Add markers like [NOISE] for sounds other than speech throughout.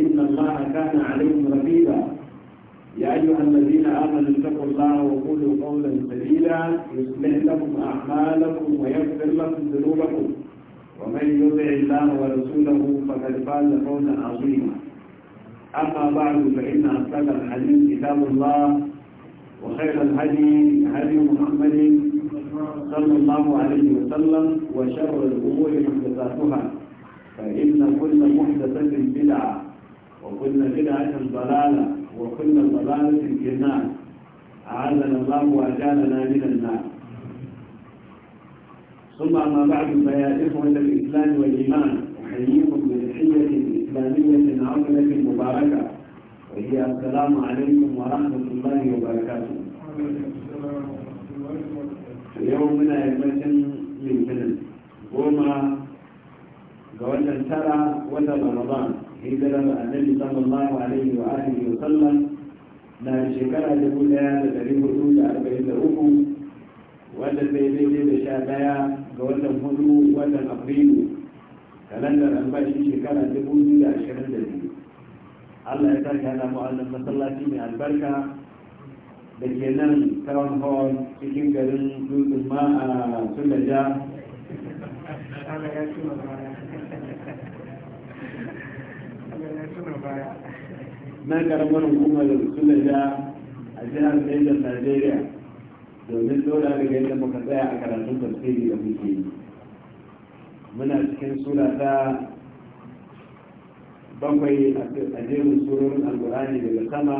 إن الله كان عليكم رقيبا يا أيها الذين آمنوا اتقوا الله وقولوا قولا سديدا يصلح لكم أعمالكم ويغفر لكم ذنوبكم ومن يطع الله ورسوله فقد فاز فوزا عظيما أما بعد فإن أصدق الحديث كتاب الله وخير الهدي هدي محمد صلى الله عليه وسلم وشر الأمور محدثاتها فإن كل محدثة بدعة وكل بدعة الضلاله وكل ضلالة في النار أعاذنا الله وأجالنا من النار ثم أما بعد فيا إخوة الإسلام والإيمان أحييكم بتحية إسلامية عظيمة مباركة وهي السلام عليكم ورحمة الله وبركاته يومنا يمتن من فنن قوما قولنا ترى ولا رمضان hijirar annabi sallallahu alaihi wa alihi wa sallam na shekara dubu daya da ɗari hudu da arba'in da uku wanda sai daidai da sha daya ga watan hudu watan afrilu kalandar albashi shekara dubu biyu da ashirin da biyu allah ya sake hada mu'allan masallaci mai albarka da ke nan town hall cikin garin dutsen ma a sulaja na karamar hukumar na ja a jihar Niger Najeriya domin da daga yadda muka tsaya a karatun tafsiri da muke yi muna cikin sura ta bakwai a jerin surorin Al-Qur'ani daga sama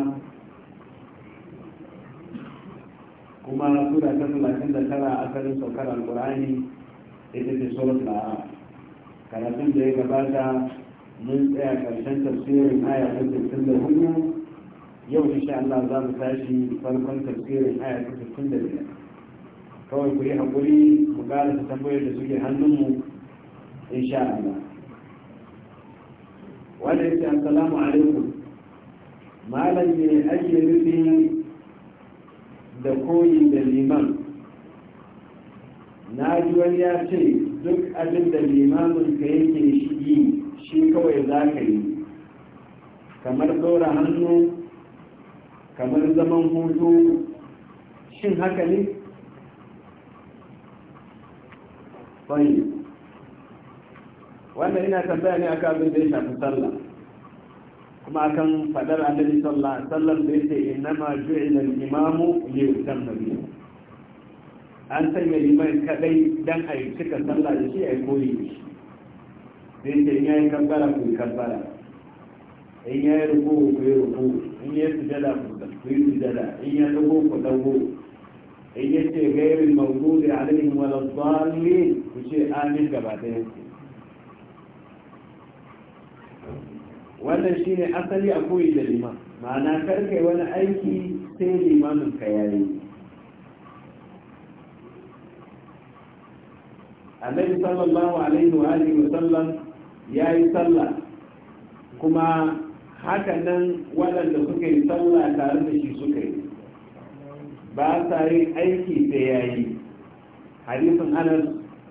kuma sura ta talatin da tara asalin saukar alkurani ita ce surat la'a karatun da ya gabata mun tsaya karshen tafsirin aya ta sittin da hudu yau insha Allah za mu tashi farkon tafsirin aya ta sittin da biyar kawai ku yi haƙuri mu ƙara ta tambayar da suke hannunmu insha Allah wanda yake assalamu alaikum malam ne ake nufi da koyi da liman na ji wani ya ce duk abin da limamin ka yake shi yi shi kawai za ka yi kamar ɗora hannu kamar zaman hutu shin haka ne fahimta wannan ina tambaya ne a abin da ya shafi sallah kuma akan fadar annabi sallah Sallah da yake innama ju'ila al-imamu li yutamma bi an sanya liman kadai dan a cika sallah da shi a koyi sai ce in yayi kabbara ku yi kabbara in yayi ruku ku yi ruku in yayi sujada ku yi sujada in yayi dago ku dago in ya ce gairin mawdu'i alaihim wala dhalin ku ce amin gaba ɗaya wannan shine asali a koyi da liman ma'ana karkai wani aiki sai limamin ka yayi annabi sallallahu alaihi wa alihi wa sallam ya yi sallah kuma hakanan waɗanda suka yi sallah tare da shi suka yi ba sa yin aiki da ya yi hadisin anas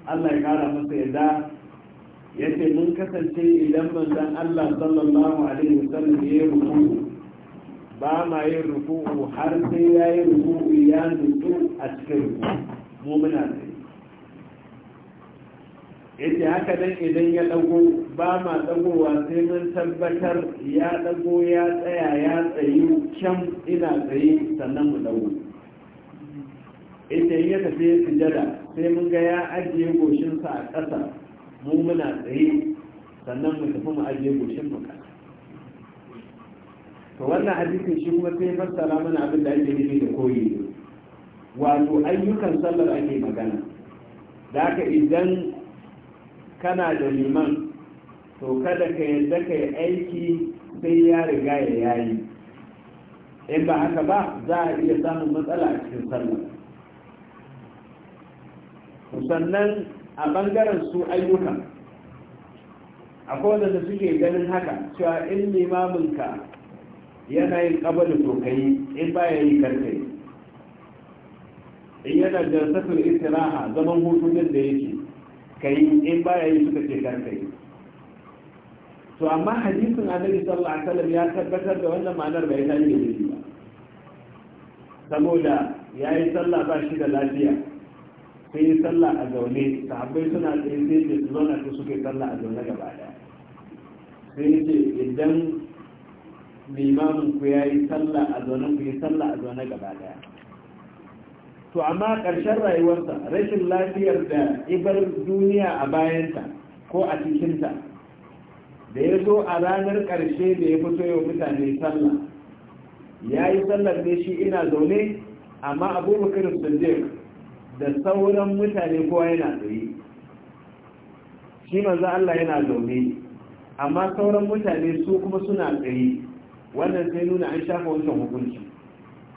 allah ya kara masa yadda ya ce mun kasance idan manzan allah sallallahu alaihi wasallam ya yi ruku'u ba ma yin ruku'u har sai ya yi ruku'u ya nutsu a cikin ruku'u mu muna sai yace haka dan idan ya dago ba ma dagowa sai mun tabbatar ya dago ya tsaya ya tsayu can ina tsaye sannan mu dago yace ya tafi sujada sai mun ga ya ajiye goshinsa a ƙasa mu muna tsaye sannan mu tafi mu ajiye goshin mu ƙasa to wannan hadisin shi kuma sai fassara mana abin da ake nufi da koyi wato ayyukan sallar ake magana da haka idan kana da liman to kada ka yadda ka yi aiki sai ya riga ya yayi in ba haka ba za a iya samun matsala a cikin sallah sannan a bangaren su ayyuka akwai wanda suke ganin haka cewa in limaminka yana yin da tokayi in ba ya yi karfe in yana da safin istiraha zaman hutun da yake yi in baya yi suka ce kar kai to amma hadisin annabi sallallahu alaihi wasallam ya tabbatar da wannan ma'anar bai ta yi da ba saboda ya yi sallah ba shi da lafiya sai yi sallah a zaune sahabbai suna tsaye sai da su su suke sallah a zaune gaba daya sai ce idan limamin ku ya yi sallah a zaune ku yi sallah a zaune gaba daya to amma ƙarshen rayuwarsa rashin lafiyar da ibar duniya a bayanta ko a cikinta da ya zo a ranar ƙarshe da ya fito yau mutane sallah ya yi sallar ne shi ina zaune amma abubakar sadiq da sauran mutane kowa yana tsaye shi manzo Allah yana zaune amma sauran mutane su kuma suna tsaye wannan sai nuna an shafa wancan hukunci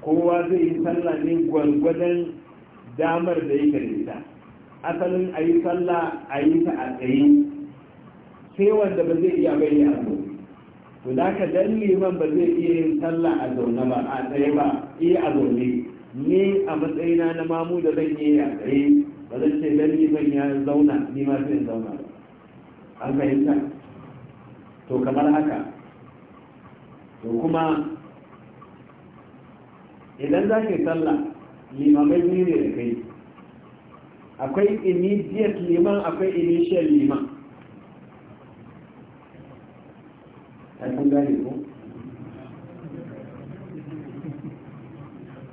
kowa zai yi sallah ne gwargwadon damar da yake da ita asalin a yi sallah a yi ta a tsaye sai wanda ba zai iya bai a zo to da ka dan liman ba zai iya yin sallah a zaune ba a tsaye ba iya eh, a zaune ne a matsayina na mamu da zan yi a tsaye ba zan ce dan liman ya zauna ni ma zai zauna ba an fahimta to kamar haka to kuma idan za ka yi limamai biyu ne da kai akwai immediate liman akwai initial liman a kun gani ko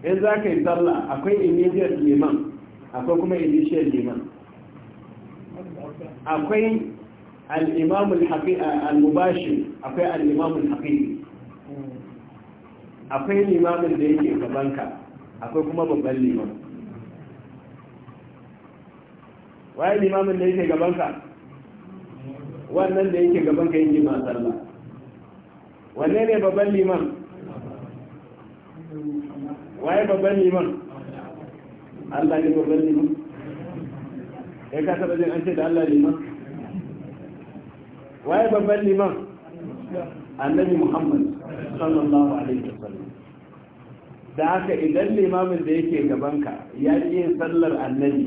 in za ka yi sallah akwai immediate liman akwai kuma initial liman akwai al-imamul haƙi al mubashi akwai al-imamul haƙi akwai limamin da yake gabanka akwai kuma babban liman waye limamin da yake gabanka wannan da yake gabanka yake ma sallah wanne ne babban liman waye babban liman Allah ne babban liman ya ka taɓa jin an ce da Allah liman waye babban liman annabi Muhammad sallallahu alaihi wasallam da haka idan limamin da yake gabanka ya yin sallar annabi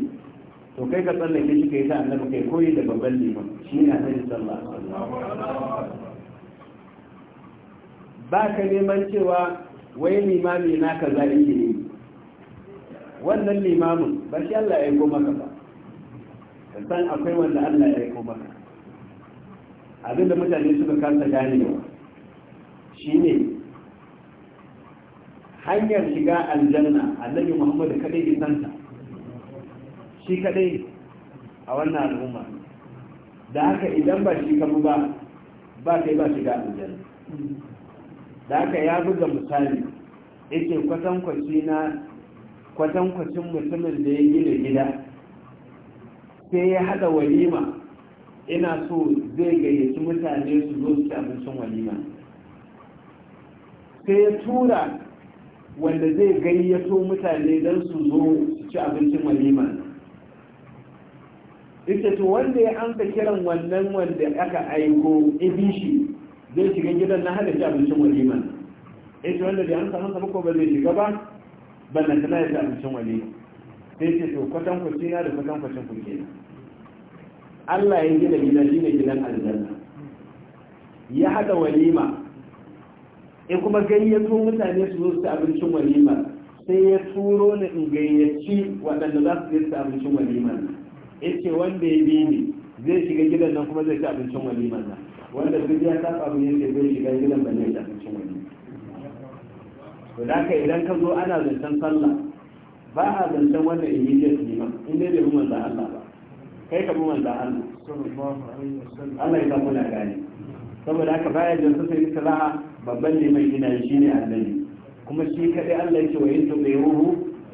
to kai ka tsallake shi kai ta annabi kai koyi da babban liman shi ne annabi sallah ba ka neman cewa wai limami na ka yake yi wannan limamin ba shi Allah ya goma ka ba ka san akwai wanda Allah ya goma ka abinda mutane suka kasa ganewa shine hanyar shiga aljanna annabi muhammad kadai ya santa shi kadai a wannan al'umma da haka idan ba shi kamu ba ba kai ba shiga aljanna da haka ya buga misali yake kwatankwaci na kwatankwacin mutumin da ya gina gida sai ya hada walima ina so zai gayyaci mutane su zo su abincin walima sai ya tura wanda zai gayyato mutane don su zo su ci abincin walima ita to wanda ya amsa kiran wannan wanda aka aiko ibishi zai shiga gidan na hada ci abincin walima ita wanda zai amsa masa ba ko ba zai shiga ba na tana ya ci abincin walima sai ce to kwatan kwacin na da kwatan kwacin kuke Allah ya gina gina shi ne gidan aljanna ya hada walima in kuma gayyato mutane su zo su abincin walima sai ya turo ni in gayyaci waɗanda za su je su abincin walima ya ce wanda ya bi ni zai shiga gidan nan kuma zai ci abincin walima nan wanda duk ya saba abin yake zai shiga gidan ban zai ci abincin walima to da haka idan ka zo ana zancen sallah ba a zancen wannan immediate liman in dai bai bi manzan Allah ba kai ka bi manzan Allah Allah ya samu na gane saboda haka baya jansa sai salaha babban ne mai yana shi ne annabi kuma shi kaɗai Allah ya ce wa yin tuɓeruhu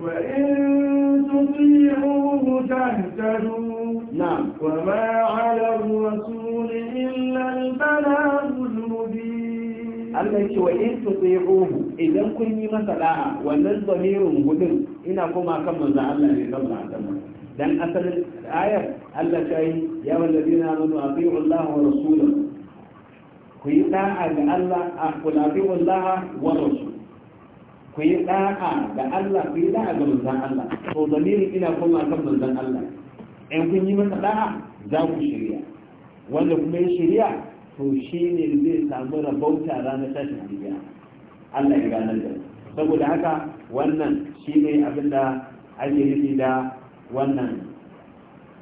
wa sun in ta tahtaru na'am wa ma ala rasul illa al-balagul mubin Allah ya ce wa in tuɓeruhu idan kun yi masa da'a wannan zamirin gudun ina koma kan manzo Allah ne kan manzo dan asalin ayar Allah ta yi ya wallazina amanu atii'u Allah wa rasulahu ku yi ɗa'a ga Allah a kunafi'un laha wa ku yi ɗa'a ga Allah ku yi ga manzan Allah to zamirin ina kuma kan manzan Allah in kun yi masa ɗa'a za ku shirya wanda kuma ya shirya to shi ne zai samu rabauta ranar tashin duniya Allah ya ganar da saboda haka wannan shi ne abin da ake nufi da wannan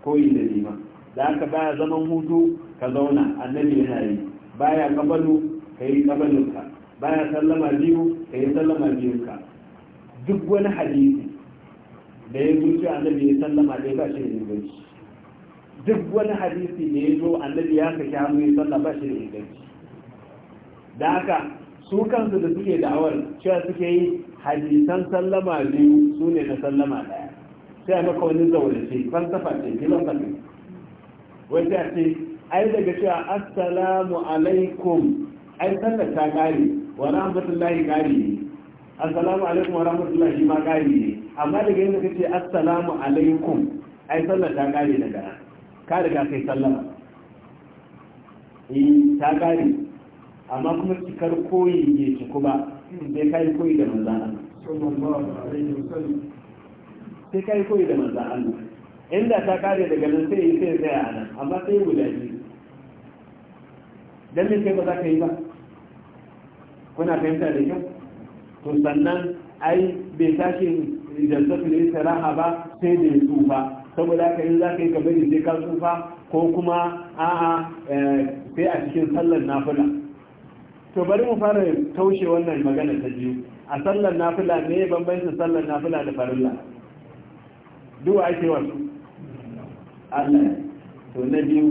koyi da liman da aka baya zaman hutu ka zauna annabi yana yi baya kabalu ka yi kabalunka baya sallama biyu ka yi sallama biyunka duk wani hadisi da ya zuci annabi ya sallama ɗaya ba shi da inganci duk wani hadisi da ya zo annabi ya ka hannu ya sallama ba shi da inganci da haka su kansu da suke da'awar cewa suke yi hadisan sallama biyu su ne na sallama daya sai a maka wani zaune ce falsafa ce filon wanda a ce ai daga cewa assalamu alaikum ai sallar ta gari wa rahmatullahi gari ne assalamu alaikum wa rahmatullahi ma gari ne amma daga yadda kace assalamu alaikum ai sallar ta gari daga nan ka riga kai sallama eh ta gari amma kuma cikar koyi ne ci kuma sai kai koyi da manzon Allah sai kai koyi da manzon Allah inda ta kare daga nan sai sai tsaya a nan amma sai guda biyu dan me kai ba za ka yi ba kuna fahimta da kyau to sannan ai bai tashi da ne saraha ba sai da ya tsufa saboda ka yi za ka yi bari sai ka tsufa ko kuma a'a eh, sai a cikin sallar nafila to bari mu fara taushe wannan magana ta biyu a sallar nafila ne bambancin sallar nafila da farilla duk ake wasu Allah to na biyu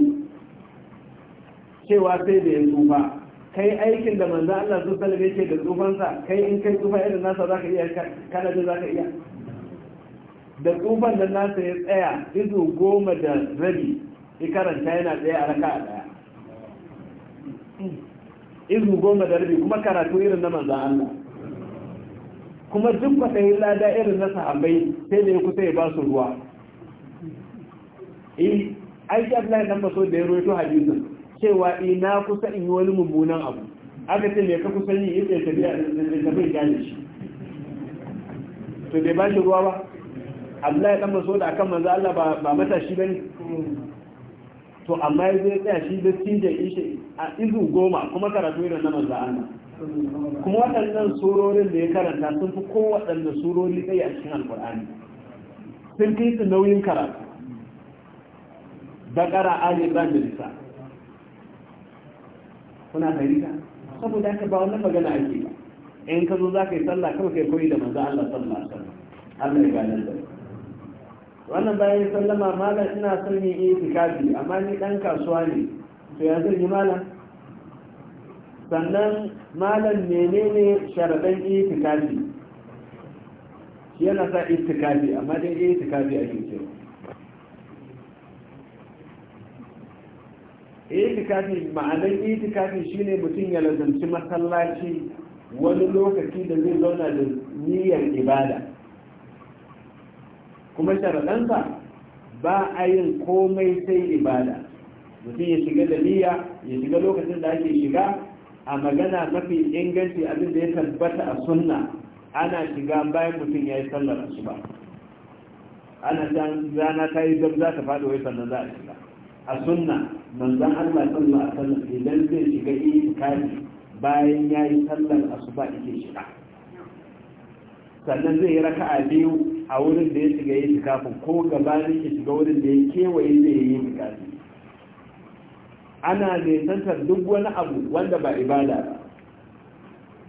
cewa sai da ya tsufa kai aikin da manzo Allah sun salame ke da tsufansa kai in kai tsufa irin nasa za ka iya kana da ka iya da tsufan da nasa ya tsaya izu goma da rabi ya karanta yana tsaye a raka a daya izu goma da rabi kuma karatu irin na manzo Allah kuma duk yi lada irin na sahabbai sai da ya kusa ya ba su ruwa eh aiki Abdullahi dan so da ya roito hadisin cewa ina kusa in yi wani mummunan abu aka ce mai ka kusa yi yake tafiya da tafi gane shi to bai ba shi ruwa ba Abdullahi dan maso da akan manzo Allah ba matashi bane to amma ya zai tsaya shi da da ishe a izu goma kuma karatu irin na manzo Allah kuma waɗannan surorin da ya karanta sun fi kowaɗanne surori tsaye a cikin alkur'ani sun kai su nauyin karatu bakara ali ban da kuna fahimta saboda haka ba wannan magana ake ba in ka zo za ka yi sallah kama kai koyi da manzo Allah sallallahu alaihi wasallam Allah ya gane da wannan bayan sallama malam ina son yin itikafi amma ni dan kasuwa ne to ya zai yi malam sannan malam menene sharadan itikafi yana sa itikafi amma dai itikafi ake cewa itikafi ma'anan itikafi shine mutum ya lazanci masallaci wani lokaci da zai zauna da niyyar ibada kuma sharaɗansa ba a yin komai sai ibada mutum ya shiga da niyya ya shiga lokacin da ake shiga a magana mafi inganci abin da ya tabbata a sunna ana shiga bayan mutum ya yi sallar asuba ana rana ta yi zam za ta faɗo wai sannan za a shiga a sunna manzan Allah sallallahu a sallar, idan zai shiga itikafi bayan ya yi sallar asuba yake shiga sannan zai yi raka a biyu a wurin da ya shiga itikafin ko gabanin ya shiga wurin da ya kewaye zai yi itikafi ana nesantar duk wani abu wanda ba ibada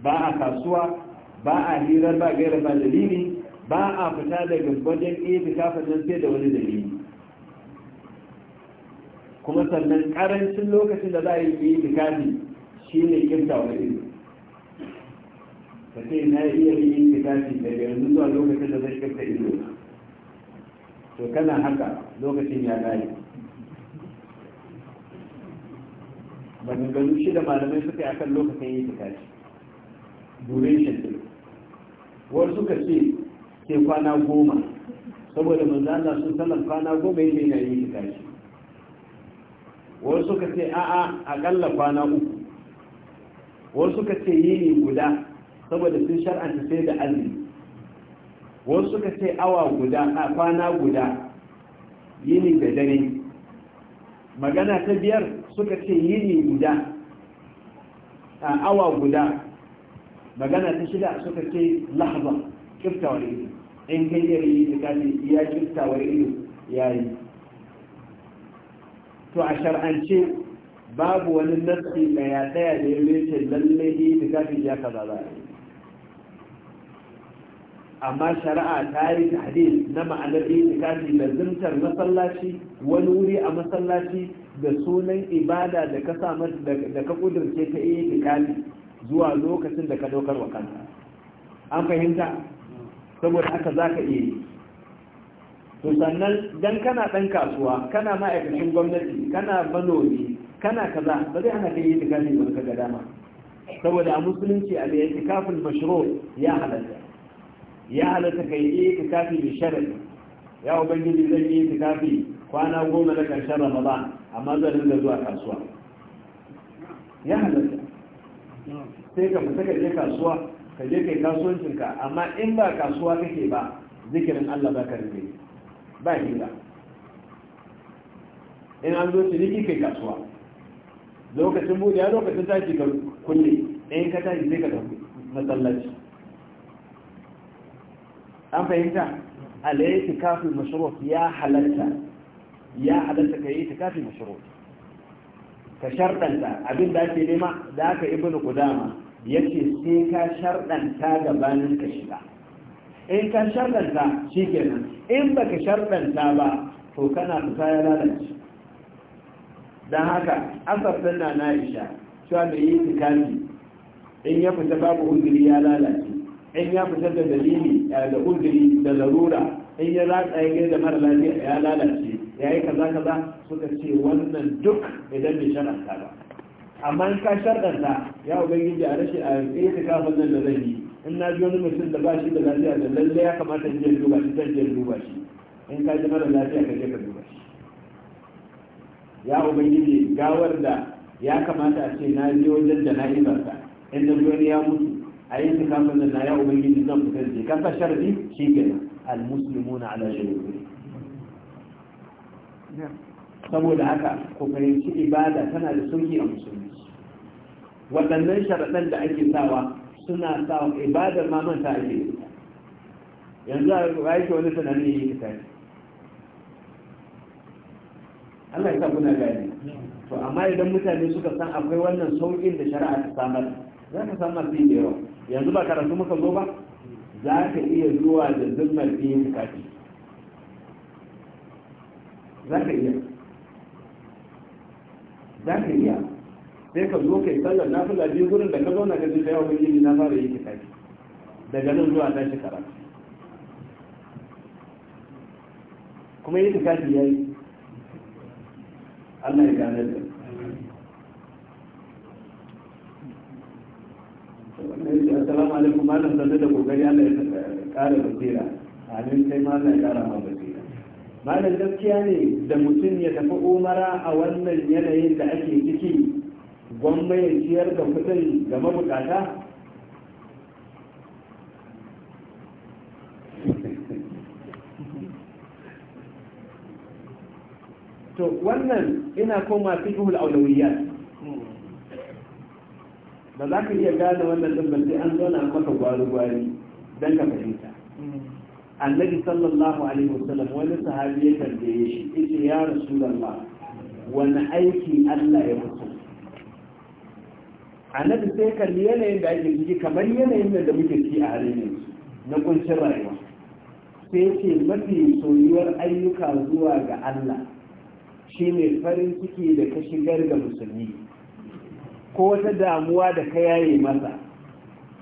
ba a kasuwa ba a hirar ba gaira ba dalili ba a fita daga wajen itikafin nan sai da wani dalili kuma sannan karancin lokacin da za a yi yi shi ne kinta wa ido ka ce na iya yin itikafi daga yanzu zuwa lokacin da zai kinta ido to kana haka lokacin ya gaya maganganu shida malamai suka yi akan lokacin yin itikafi duration din wasu suka ce ke kwana goma saboda manzana sun sanar kwana goma yake yana yin itikafi wani suka ce a'a kalla kwana uku wani suka ce yini guda saboda sun shar'anta sai da azumi wani suka ce awa guda a kwana guda yini da dare magana ta biyar suka ce yini guda a awa guda magana ta shida suka ce lahaba kiftawar ido in kai yari yi da ya kiftawar ido ya yi to a shar'ance babu wani nassi daya daya da ya ce lalle itikafin ya kaza za amma shari'a ta yi tahdid na ma'anar itikafi da zimtar masallaci wani wuri a masallaci da sunan ibada da ka samu da ka kudurce ta itikafi zuwa lokacin da ka daukar wa kanta an fahimta saboda haka za ka iya yi to sannan dan kana dan kasuwa kana ma'aikacin gwamnati kana manomi kana kaza ba zai ana kai yi tikafi ba ka ga dama saboda a musulunci a da tikafin mashro ya halatta ya halatta kai yi tikafi bi sharadi ya ubangiji zan yi tikafi kwana goma na karshen ramadan amma zan dinga zuwa kasuwa ya halatta sai ka fita ka je kasuwa ka je kai kasuwancinka amma in ba kasuwa kake ba zikirin Allah ba ka rinda ba hila in an zo ciniki kai kasuwa lokacin buɗe lokacin tashi ka kulle in ka tashi sai ka tafi masallaci an fahimta alayyaki kafin mashruf ya halatta ya halatta ka yi kafin mashruf ka sharɗanta abin da ake nema da aka ibnu kudama yace sai ka sharɗanta gabanin ka shiga in ka sharɗanta shi kenan in baka sharɗanta ba to kana fita ya lalace don haka asar ɗin na na isha shuwa da yi in ya fita babu uzuri ya lalace in ya fita da dalili da uzuri da larura in ya ratsa ya gaida mara lafiya ya lalace ya yi kaza kaza suka ce wannan duk idan bai sharanta ba amma in ka sharɗanta ya ubangiji a rashin a yi kafin nan da zan yi in na ji wani mutum da ba shi da lafiya da lalle ya kamata in je duba shi zan je duba shi in ka ji mara lafiya ka je ka duba shi ya ubangiji gawar da ya kamata a ce na je wajen da jana'izarsa in da wani ya mutu a yin su kafin da na ya ubangiji zan fitar je kafa sharbi shi kenan almuslimuna ala shari'a saboda haka ku fahimci ibada tana da sauki a musulmi waɗannan sharaɗan da ake sawa suna sa ibadar ma manta ake yanzu a rayu wani sanani yi ta tashi Allah ya sa kuna gani to amma idan mutane suka san akwai wannan sauƙin da shari'a ta samar za ka samar fi da yawa yanzu ba karatu muka zo ba za ka iya zuwa da zimmar yi ta za ka iya za ka iya sai ka zo kai sallar fi biyu gurin da ka zauna gajin da yawon gini na fara yi kitabi daga nan zuwa ta karatu kuma yi kitabi ya yi Allah ya gane da Assalamu alaikum malam sanda da kokari Allah ya kara basira amin sai ma ya kara ma basira malam gaskiya ne da mutum ya tafi umara a wannan yanayin da ake ciki gwamma ya ciyar da kudin ga mabukata to wannan ina koma fiqhul awlawiyat ba za ka iya gane wannan din sai an zauna maka gwari gwari don ka fahimta annabi sallallahu alaihi wasallam wani sahabi ya tambaye shi yace ya rasulullah wani aiki Allah ya mutu? annabi sai kalli yanayin da ake ciki kamar yanayin da muke ci a halin yanzu na kuncin rayuwa sai ce mafi soyuwar ayyuka zuwa ga Allah shi ne farin ciki da ka shigar ga musulmi ko wata damuwa da ka yaye masa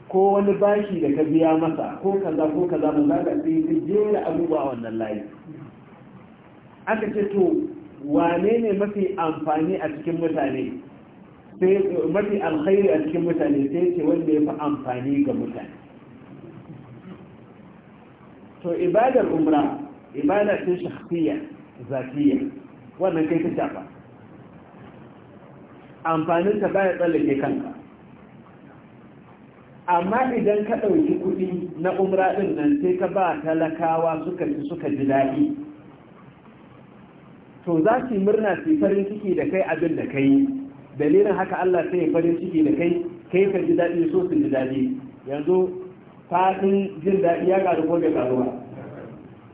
ko wani bashi da ka biya masa ko kaza ko kaza mun zaka sai ka jera abubuwa wannan layi aka ce to wane ne mafi amfani a cikin mutane sai mafi alkhairi a cikin mutane sai ce wanda ya fi amfani ga mutane to ibadar umra ibada ce shakhsiyya zafiya wannan kai ta shafa amfanin ta baya tsallake kanka amma idan ka ɗauki kuɗi na umra ɗin nan sai ka ba talakawa suka ci suka ji daɗi to za su yi murna su farin ciki da kai abin da ka yi dalilin haka Allah sai farin ciki da kai kai ka ji daɗi so su ji daɗi yanzu fadin jin daɗi ya ƙaru ko bai ƙaru ba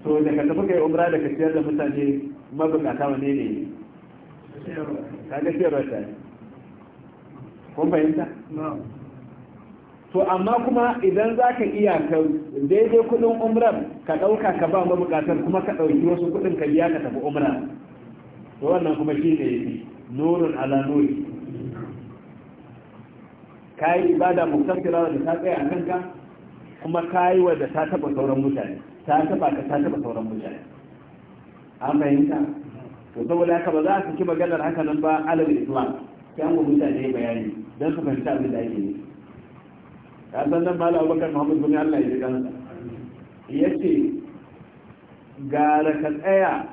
to da ka tafi kai umra da ka ciyar da mutane mabukata wane ne ka ga ciyarwa ta kun fahimta to amma kuma idan za ka iya ka daidai kudin umrar ka ɗauka ka ba mabukatar kuma ka ɗauki wasu kudin ka biya ka tafi umra to wannan kuma shi ne nurun ala nuri ka yi ibada muktasira da ta tsaya a kanka kuma ka yi wadda ta taba sauran mutane ta taba ka ta taba sauran mutane an fahimta to saboda haka ba za a saki maganar haka nan ba alal islam sai an mutane bayani don su fahimta abin da ake yi ka san nan malam kan muhammad bin allah ya ji ya ce gara ka tsaya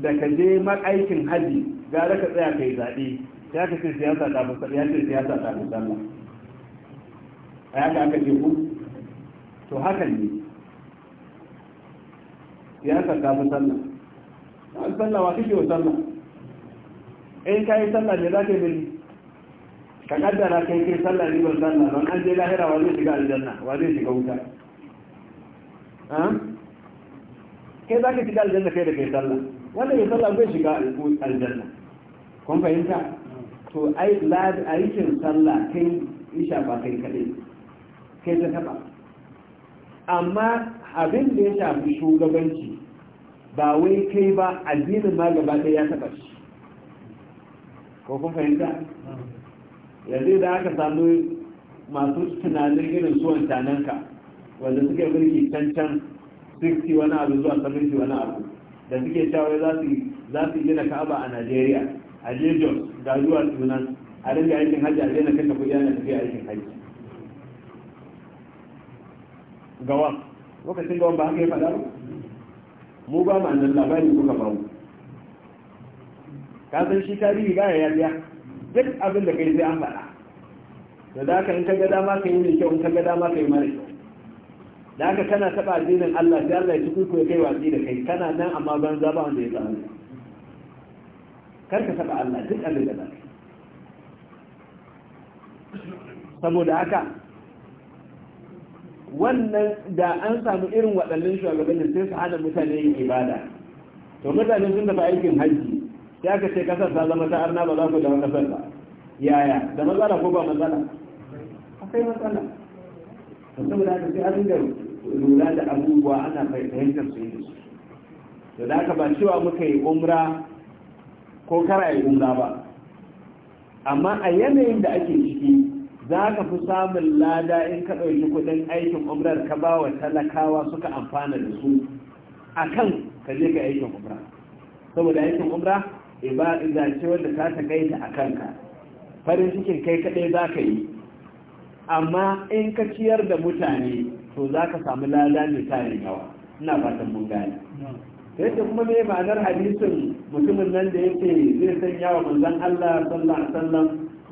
da ka je makaikin haji gara ka tsaya ka yi zaɓe ya ka ce siyasa ta fi ya ce siyasa ta fi sallah a yaka aka ce ku to hakan ne siyasar ta fi sallah an sallah wa kike wa sallah eh ka yi sallah ne za ka yi ka kaddara kai kai sallah ne ban sallah don an je lahira wa zai shiga aljanna wa zai shiga wuta kai za ka shiga aljanna kai da kai sallah wanda ya sallah zai shiga aljanna kun fahimta to ai aikin sallah kai isha ba kai kaɗai kai ta taba amma abin da ya shafi shugabanci ba wai kai ba addinin ma gaba ɗaya ya taba shi ko kun fahimta yanzu da aka samu masu tunanin irin suwan tananka wanda suke mulki can can 60 wani abu zuwa 70 wani abu da suke cewa za su gina ka'aba a najeriya a jejos ga zuwa sunan a rinka aikin hajji a daina kashe kudi ana tafiya aikin hajji gawa lokacin gawan ba haka ya faɗa mu ba ma nan labari kuka ka bawo ka san shi tarihi ba ya biya duk abin da kai sai an faɗa da za ka in ka ga dama ka yi mai kyau in ka ga dama ka yi mara kyau da haka kana taɓa addinin Allah sai Allah ya ci kuku ya kai watsi da kai kana nan amma za ba wanda ya samu kar ka taɓa Allah duk abin da za ka saboda haka wannan da an samu irin waɗannan shugabannin sai su hada mutane yin ibada to mutane sun tafi aikin hajji ya ka ce kasar ta zama ta arna ba za ku zama kasar ba yaya da matsala ko ba matsala akwai matsala saboda da sai an da lura da abubuwa ana fahimtar su yi da da haka ba cewa muka yi umra ko kara yi umra ba amma a yanayin da ake ciki za ka fi samun lada in ka ɗauki kudin aikin umrar ka ba wa talakawa suka amfana da su a kan ka je ka aikin umra saboda aikin umra ibada ce wanda ta takaita a kanka farin cikin kai kaɗai za ka yi amma in ka ciyar da mutane to za ka samu lada mai tarin yawa ina fatan mun gane Ta kuma mai ma'anar hadisin mutumin nan da yake zai sanya wa manzon Allah sallallahu alaihi wasallam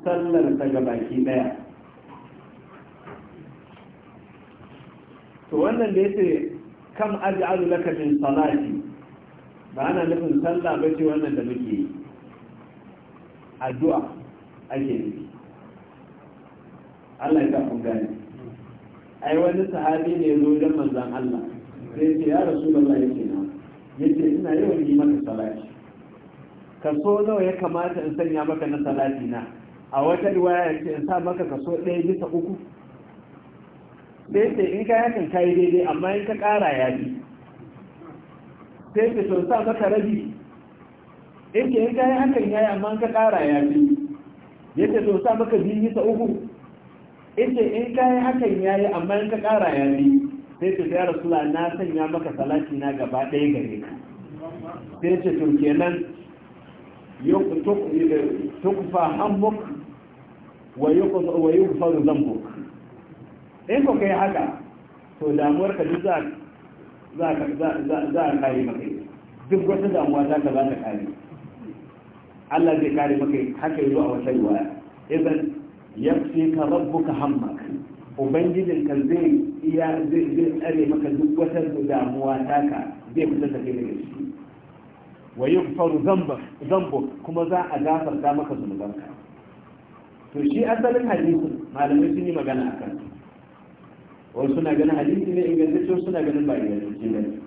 sallar ta gabaki daya to wannan da ce kam aj'alu laka min salati ba ana nufin sallah ba ce wannan da muke yi addu'a ake nufi Allah ya ku gane ai wani sahabi ne zo da manzon Allah sai ce ya rasulullah yake na yace ina yawan yi maka salati kaso nawa ya kamata in sanya maka na salati na a wata riwaya ce in sa maka kaso ɗaya bisa uku sai ce in ka yakan ka yi daidai amma in ka kara ya yi sai ce to sa maka rabi in ke ka yi hakan ya yi amma in ka kara ya yi ya ce sa maka biyu bisa uku in ce ka yi hakan ya yi amma in ka kara ya yi sai ce ya rasula na sanya maka salati na gaba ɗaya gare ka sai ce to kenan tukufa hammuk wa yukfa zambuk in ko kai haka to damuwar ka duk za za za a kare maka duk wata damuwa za ka za ta kare Allah zai kare maka haka yi zuwa wata waya idan yafi ka rabbuka hamma ubangijin ka zai iya zai zai tsare maka duk wata damuwa ka zai fita ta kai daga ciki wa yughfaru dhanba kuma za a gafarta maka zunubanka to shi asalin hadisin malamai sun yi magana akan wasu suna ganin hadisi ne ingantacce suna ganin ba ingantacce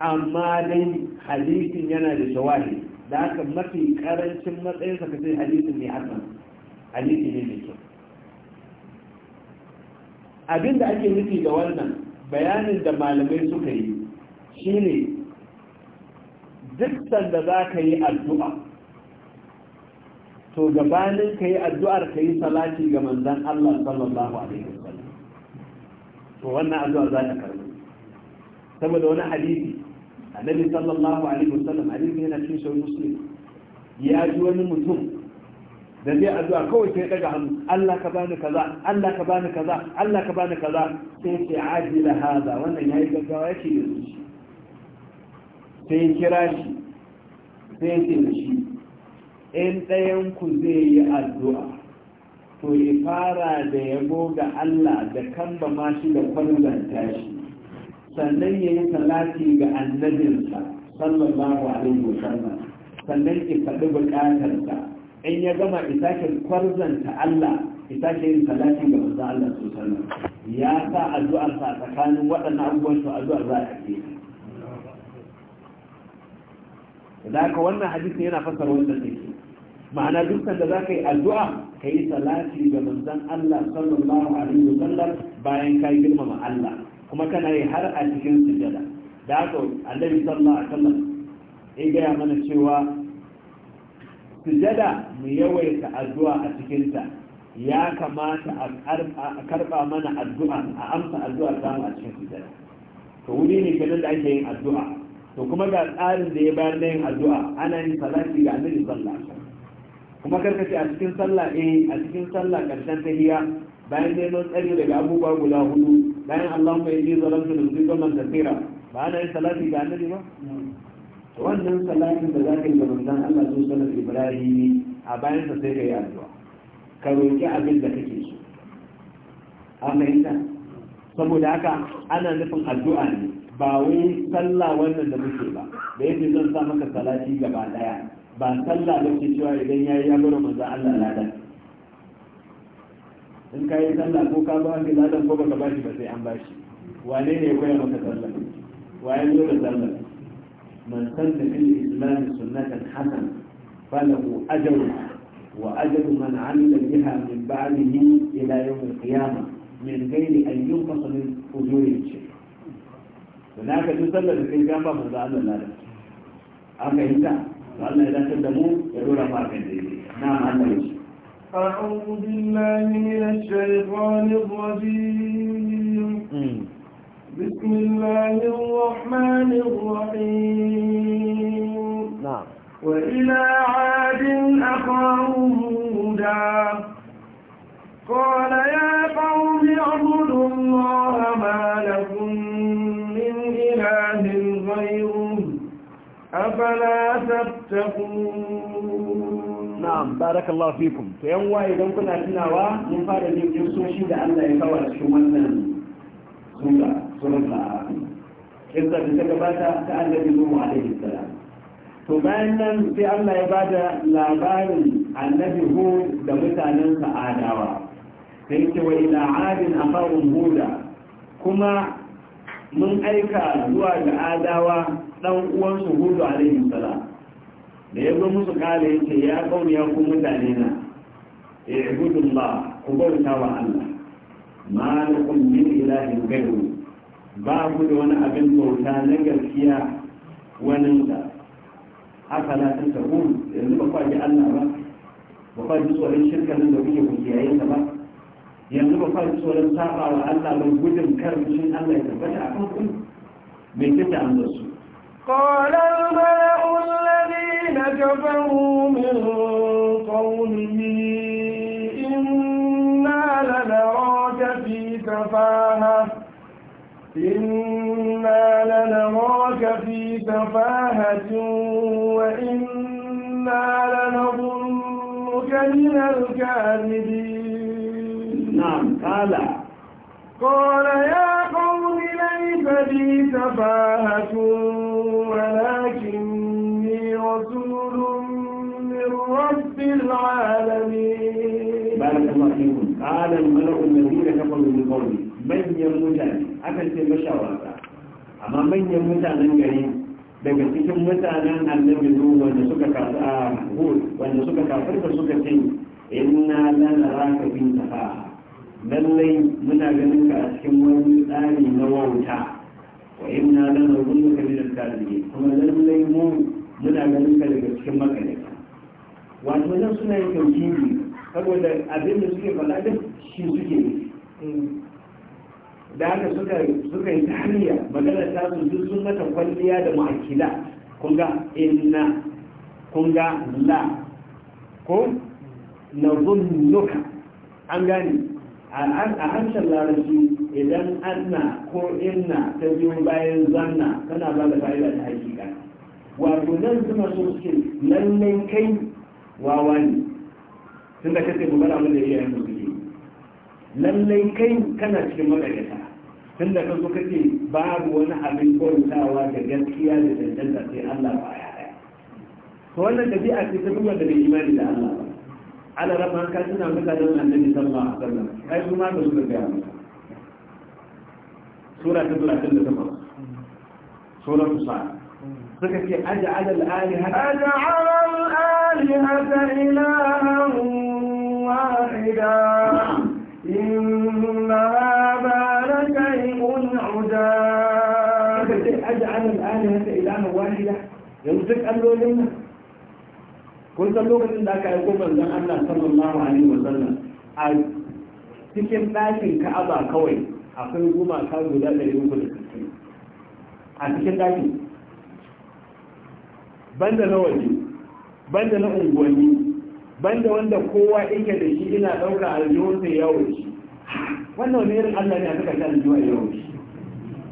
amma dai hadisin yana da shawahi da haka mafi karancin matsayin ka sai hadisin ne hadisi ne mai kyau abin da ake nufi da wannan bayanin da malamai suka yi shine duk sanda za ka yi addu'a to gabanin ka yi addu'ar ka yi salati ga manzan Allah sallallahu alaihi wasallam to wannan addu'a za ta karɓi saboda wani hadisi annabi sallallahu alaihi wasallam hadisi yana cikin sahih muslim ya ji wani mutum da zai addu'a kawai sai daga hannu Allah ka bani kaza Allah ka bani kaza Allah ka bani kaza sai ce ajila hada wannan yayi gaggawa yake da shi sai kira shi sai ce da shi in ɗayan ku zai yi addu'a to ya fara da yabo ga Allah da kamba ma shi da kwallanta shi sannan ya yi salati ga annabinsa sallallahu alaihi wasallam sannan ki faɗi buƙatarsa in ya gama ita ke kwarzanta Allah ita ke yin salati ga manzo Allah sallallahu ya sa addu'ar sa tsakanin waɗannan abubuwan to addu'ar za a yi da haka wannan hadisi yana fassara wannan take ma'ana dukkan da za ka yi addu'a ka yi salati ga manzon Allah sallallahu alaihi wa sallam bayan ka yi girmama Allah kuma kana yi har a cikin sujada da haka annabi sallallahu alaihi wa sallam ya gaya mana cewa sujada mu yawaita addu'a a cikinta ya kamata a karba mana addu'a a amsa addu'a samu a cikin sujada to wuri ne kenan da ake yin addu'a to kuma ga tsarin da ya bayar da yin addu'a ana yin salati ga annabi sallallahu alaihi wasallam kuma karka ce a cikin sallah eh a cikin sallah karshen tahiyya bayan neman tsari daga abubuwa guda hudu bayan allahumma da zalamtu nafsi zulman kathira ba ana yi salati ga annabi ba wannan salatin da zaka yi da manzon Allah su sallar Ibrahim a bayan sa sai kai addu'a ka roki abin da kake so an fahimta saboda haka ana nufin addu'a ne ba wai sallah wannan da muke ba da yake zan sa maka salati gaba daya ba sallah ba ce cewa idan ya yi ya bar manzo Allah ladan in ka yi sallah ko ka ba shi ladan ko baka ba shi ba sai an ba shi wane ne ya koya maka sallah waye zo da sallah man sanna fil islam sunnatan hasan falahu ajrun wa ajru man amila biha min ba'dihi ila yawm al-qiyamah min ghairi an yunqas min ujurihi shay to naka duk sallar da kai gamba manzo Allah ladan yi ta. وأن إذا كذبوا يدور فاق نعم أنت يوسف أعوذ بالله من الشيطان الرجيم بسم الله الرحمن الرحيم نعم وإلى عاد أخاهم هودا قال يا قوم اعبدوا الله فلا تتقون نعم بارك الله فيكم فيوم واي إذا كنا تناوا تناوى ينفعل أن يجلسوا شيء لأن لا يتوى شمالنا سورة سورة العرب إذا تتكبات كأن يجلسوا عليه السلام to bayan nan sai Allah ya bada labarin annabi Hud da mutanensa Adawa sai ce wa ila adin akawun Huda kuma mun aika zuwa ga Adawa dan uwan su hudu alaihi salam da ya ga musu kala yace ya kauni ya ku mutane na ba ku bauta wa Allah ma lakum min ilahin ghayru ba ku da wani abin bauta na gaskiya wani da haka na ta tabu yanzu ba kwaji Allah ba ba kwaji tsoron shirka nan da kuke ku kiyaye ta ba yanzu ba kwaji tsoron saba wa Allah ba gudun kar Allah ya tabbata a kan ku me kike an amsa su قال الملأ الذين كفروا من قومه إنا لنراك في سفاهة إنا لنراك في سفاهة وإنا لنظنك من الكاذبين نعم قال قال يا قوم ليس بي سفاهة ولكني رسول من رب العالمين قال الملأ الذين كفروا من قومه من يموتان أكلت مشاورة أما من يموتان قريب daga cikin mutanen annabi nu wanda suka a hul wanda suka kafirta suka ce inna lana raka bin safaha lallai muna ganin ka a cikin wani tsari na wauta wa inna la nazunnuka min al-kadhibin kuma lallai mu muna ganin ka daga cikin makalika wato nan suna yin tauhidi saboda abin da suke faɗa shi suke da haka suka suka yi tahliya magana ta su duk sun mata kwalliya da mu'akkila kun ga inna kun ga la ko nazunnuka an gane a hancin larabci idan anna ko inna ta biyo bayan zanna tana ba da fa'ida ta hakika wato nan zuma so suke lallai kai wawa ne tun da kace magana mun da iyayen mu suke lallai kai kana cikin magagata tun da kanku kake babu wani abin bautawa da gaskiya da dandanta sai Allah ba ya haya to wannan dabi'a ce ta duk da bai imani da Allah على ربنا كاتنا ومكاد من النبي صلى الله عليه وسلم هاي سورة ما تقول فيها سورة تقول عدل تمر سورة مصاع ذكر في عدى على الآلهة عدى على الآلهة إلها واحدا نعم. إن هذا لشيء عدا ذكر في عدى على الآلهة إلها واحدا يوسف قال له kun san lokacin da aka yi ko manzon Allah sallallahu alaihi wa sallam a cikin ɗakin Ka'aba kawai akwai ka guda 360 a cikin ɗakin banda na waje banda na unguwanni banda wanda kowa yake da shi ina ɗauka aljihun sai ya wuce. wannan wani irin Allah ne a suka ta aljihu a yau shi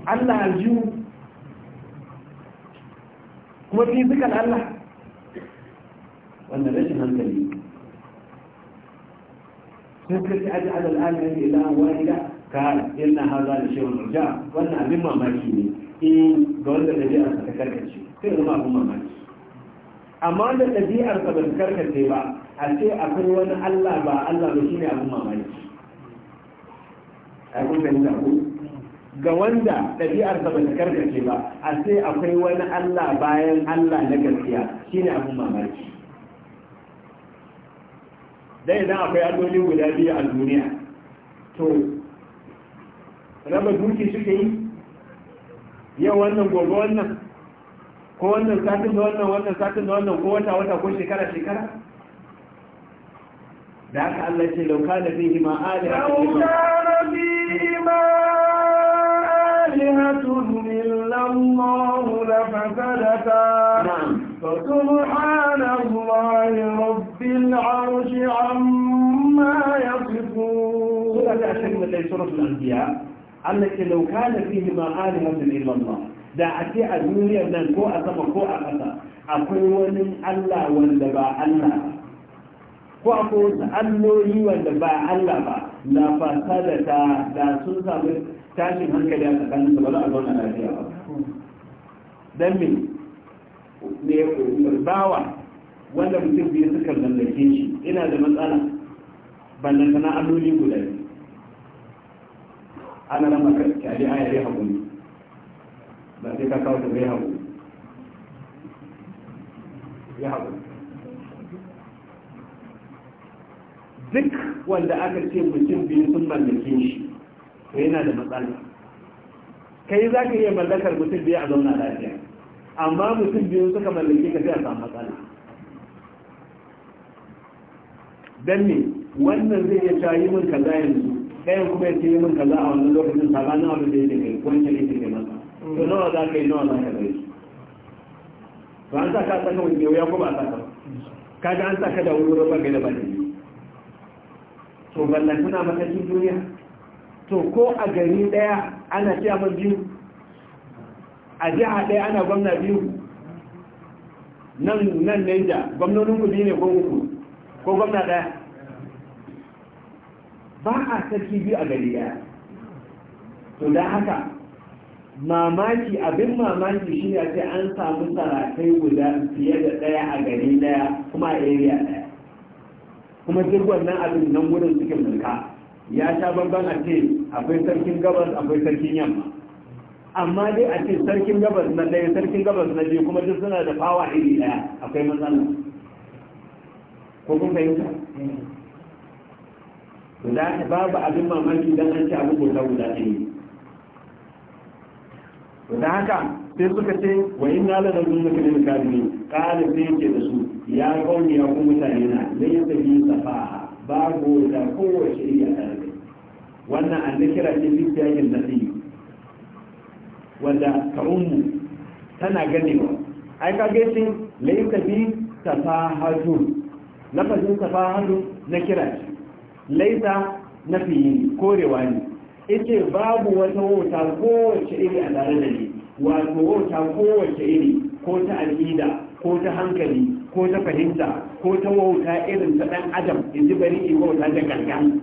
Allah aljihu kuma fi zikan Allah wannan rashin hankali sun kace على الآن al'amari ila wahida ka inna hadha la shay'un urja wannan abin mamaki ne in ga wanda dabi'ar ta karkace sai zama abin mamaki amma da dabi'ar bata karkace ba a ce akwai wani Allah ba Allah ba shine abin mamaki ga wanda ɗabi'ar ba karkace ba a sai akwai wani Allah bayan Allah na gaskiya shine abin mamaki dai idan akwai alloli guda biyu a duniya to raba duki suke yi yau wannan gobe wannan ko wannan satin da wannan wannan satin da wannan ko wata wata ko shekara shekara da aka Allah ce lauka da fihi ma alihatun illa Allah cikin suratul anbiya Allah ke lau kana fihi ma alihatun illa Allah da a ce a duniyar nan ko a sama ko a ƙasa akwai wani Allah wanda ba Allah ba ko akwai wasu alloli wanda ba Allah ba la fasadata da sun samu tashin hankali a tsakanin su ba za a zauna lafiya ba dan me bawa wanda mutum biyu suka lallake shi ina da matsala ban na alloli guda biyu ana nan maka kyale aya dai hakuri ba sai ka kawo ta zai ya hakuri duk wanda aka ce mutum biyu sun mallake shi to yana da matsala kai za ka iya mallakar mutum biyu a zauna lafiya amma mutum biyu suka mallake ka sai a samu matsala don ne wannan zai iya cayi min kaza yanzu ɗayan kuma yake ce min kaza a wannan lokacin sabanin abin da ya ko yake ya daga masa to nawa za ka yi nawa za ka bari to an sa ka saka wani yau ya ba a saka ka ga an saka da wuri ba ga da ba ne? yi to ballan tana matakin duniya to ko a gari daya ana ciyaman biyu a jiha daya ana gwamna biyu nan nan da gwamnonin ku biyu ne ko uku ko gwamna daya. ba a sarki biyu a gari daya to da haka mamaki abin mamaki shi ne sai an samu sarakai guda fiye da daya a gari daya kuma a area daya kuma duk wannan abin nan wurin suke mulka ya sha babban a ce akwai sarkin gabas akwai sarkin yamma amma dai a ce sarkin gabas na ɗaya sarkin gabas na biyu kuma duk suna da fawa iri ɗaya akwai matsala ko kun fahimta guda ta babu abin mamaki don an ce abin bauta guda ɗaya to da haka sai suka ce wa inna la nazunna kal kadini qala sai yake da su ya kauni ya kuma mutane na dan ya tafi safa babu da kowace ta tare wannan an kira ce bidiyayin nasi wanda ka ummu tana ganewa ai ka ga shi laysa bi tafahajun lafazin tafahajun na kira ce laisa nafi korewa ne ita babu wata wauta kowace iri a tare da ni wato wauta kowace iri ko ta al'ida ko ta hankali ko ta fahimta ko ta wauta irin ta dan adam in ji bari in wauta ta gangan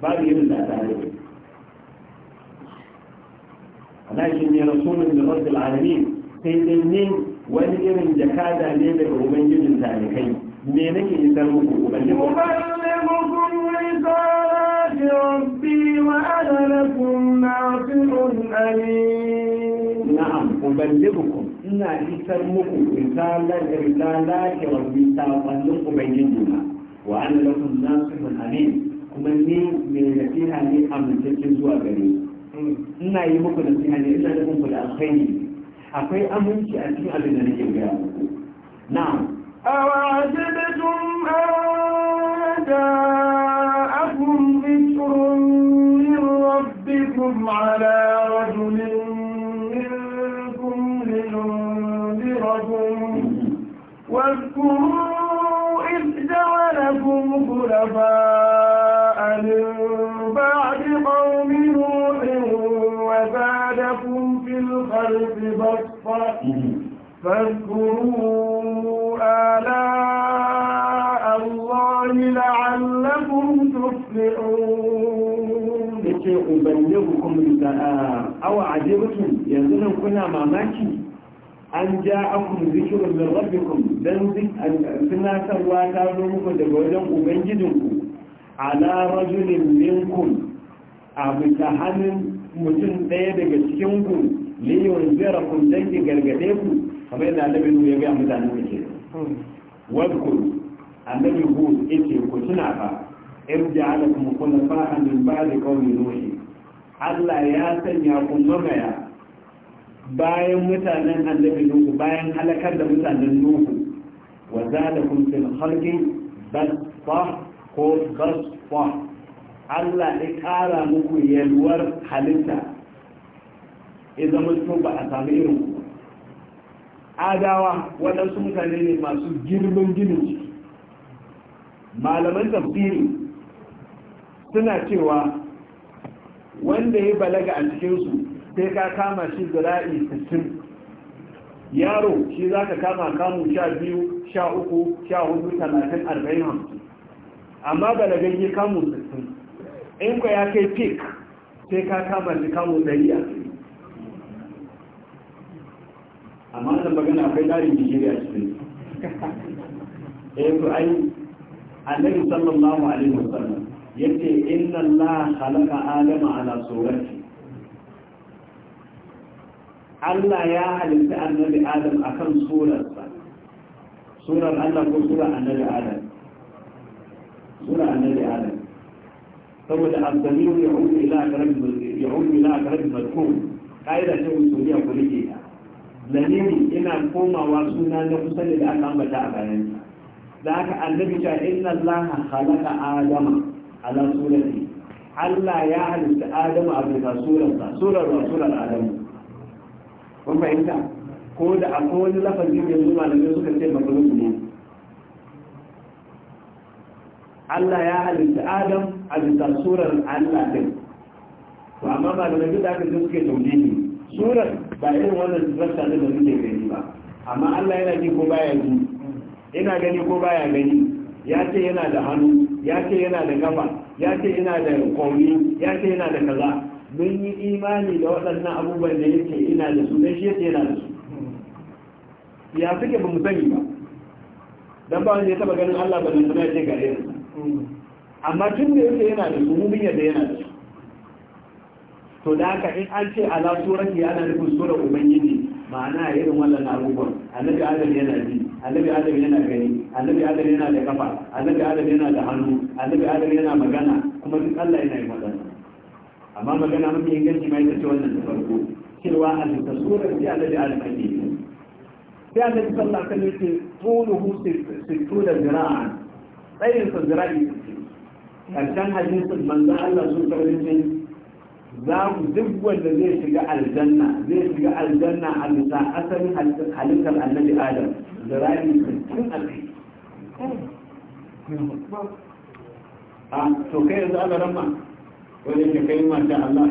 babu irin da tare da lakin na rasulun da rabbil alamin sai dai ne wani irin jakada ne daga ubangijin talikai me nake isar muku ubangijin بربي وأنا لكم ناصر أليم نعم أبلغكم ina isar muku risalar da risalar ke rabbi sabannin ubangijina wa kuma ni mai nasiha ne amintaccen zuwa gare ina yi muku nasiha ne ina nufin ku da alkhairi akwai aminci a cikin abin da nake gaya muku na'am awajibtum an منكم على رجل منكم لننذركم واذكروا إذ جعلكم خلفاء من بعد قوم نوح وزادكم في الخلق بسطة فاذكروا آلاء awa ajibtum yanzu nan kuna mamaki an ja akun zikrun min rabbikum dan tunatarwa ta zo muku da wajen ubangijinku ala rajulin minkum a bisa hannun mutum ɗaya daga cikinku liyon zira kun dangi gargade ku kamar yadda annabi nuhu ya ga mutanen da ke wadkur annabi hud yace ku tuna fa irja'alakum khulafa'a min ba'di qawmi nuh Allah ya sanya ku magaya bayan mutanen annabi Nuhu bayan halakar da mutanen Nuhu wa zalakum fil khalqi basfa ko basfa Allah ya kara muku yalwar halitta idan mutum ba a sami irin ku adawa waɗansu mutane ne masu girman ginin ciki malaman tafsiri suna cewa wanda ya balaga a cikinsu sai ka kama shi zira'i 60 yaro shi za ka kama kamu sha biyu sha uku sha hudu talatin arba'in hamsin amma balagan yi kamu 60 in ka ya kai pik sai ka kama shi kamu 100 amma da magana akwai tsarin jijiri a cikin [LAUGHS] eh to ai annabi sallallahu alaihi wasallam yace inna Allah khalaqa adama ala surati Allah ya halitta annabi Adam akan surarsa surar Allah ko surar annabi Adam surar annabi Adam saboda abdamiru ya umu ila akram ya umu ila akram madhkur kaida ce usuriya ko nake ta lamini ina komawa suna na kusa da aka ambata a bayan da haka annabi ta inna Allah khalaqa adama ala surati Allah ya halitta Adamu a bisa surarsa surar wa surar Adamu kun fahimta ko da akwai wani lafazi da yanzu malamai suka ce makulun ne Allah ya halitta Adamu a bisa surar Allah din to amma malamai duk da aka ce suke tauhidi surar ba irin wannan zasta da muke gani ba amma Allah yana ji ko baya ji ina gani ko baya gani ya ce yana da hannu ya ce yana da gaba ya ce yana da kwauri ya ce yana da kaza mun yi imani da waɗannan abubuwan da yake ina da su don shi yake yana da su ya suke ba mu sani ba don ba wanda ya taba ganin Allah ba da suna ce gare mu amma tun da yake yana da su mun yadda yana da su to da haka in an ce ala surati ana nufin surar ubangiji ma'ana irin wannan abubuwan annabi adam yana ji annabi adam yana gani annabi adam yana da kafa annabi adam yana da hannu annabi adam yana magana kuma duk Allah yana yi magana amma magana mafi inganci ma ita ce wannan da farko cewa a da tasura sai annabi adam ake yi sai annabi sallallahu alaihi wasallam ce tuluhu sittuna zira'an tsayin sa zira'i karshen hadisin manzon Allah sun karbi za ku duk wanda zai shiga aljanna zai shiga aljanna a bisa asalin halittar annabi adam da rani tun a kai a to kai yanzu ala ramma wajen ka kai masha Allah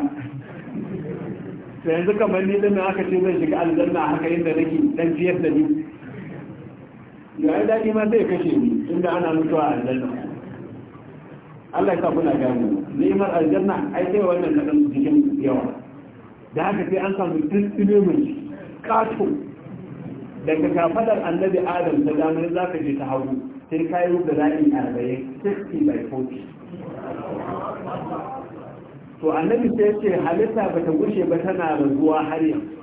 da yanzu kamar ni dana aka ce zai shiga aljanna haka yadda nake dan jiyar da ni ya yi daɗi ma zai kashe ni inda ana mutuwa a aljanna Allah ya sa kuna gani ni'imar aljanna ai sai wannan kadan jikin yawa da haka sai an samu tsitsile mai kato daga kafadar annabi adam ta damar za ka je ta hagu sai ka yi zira'i arba'in 60 by 40 to annabi sai ce halitta ba ta gushe ba tana razuwa har yanzu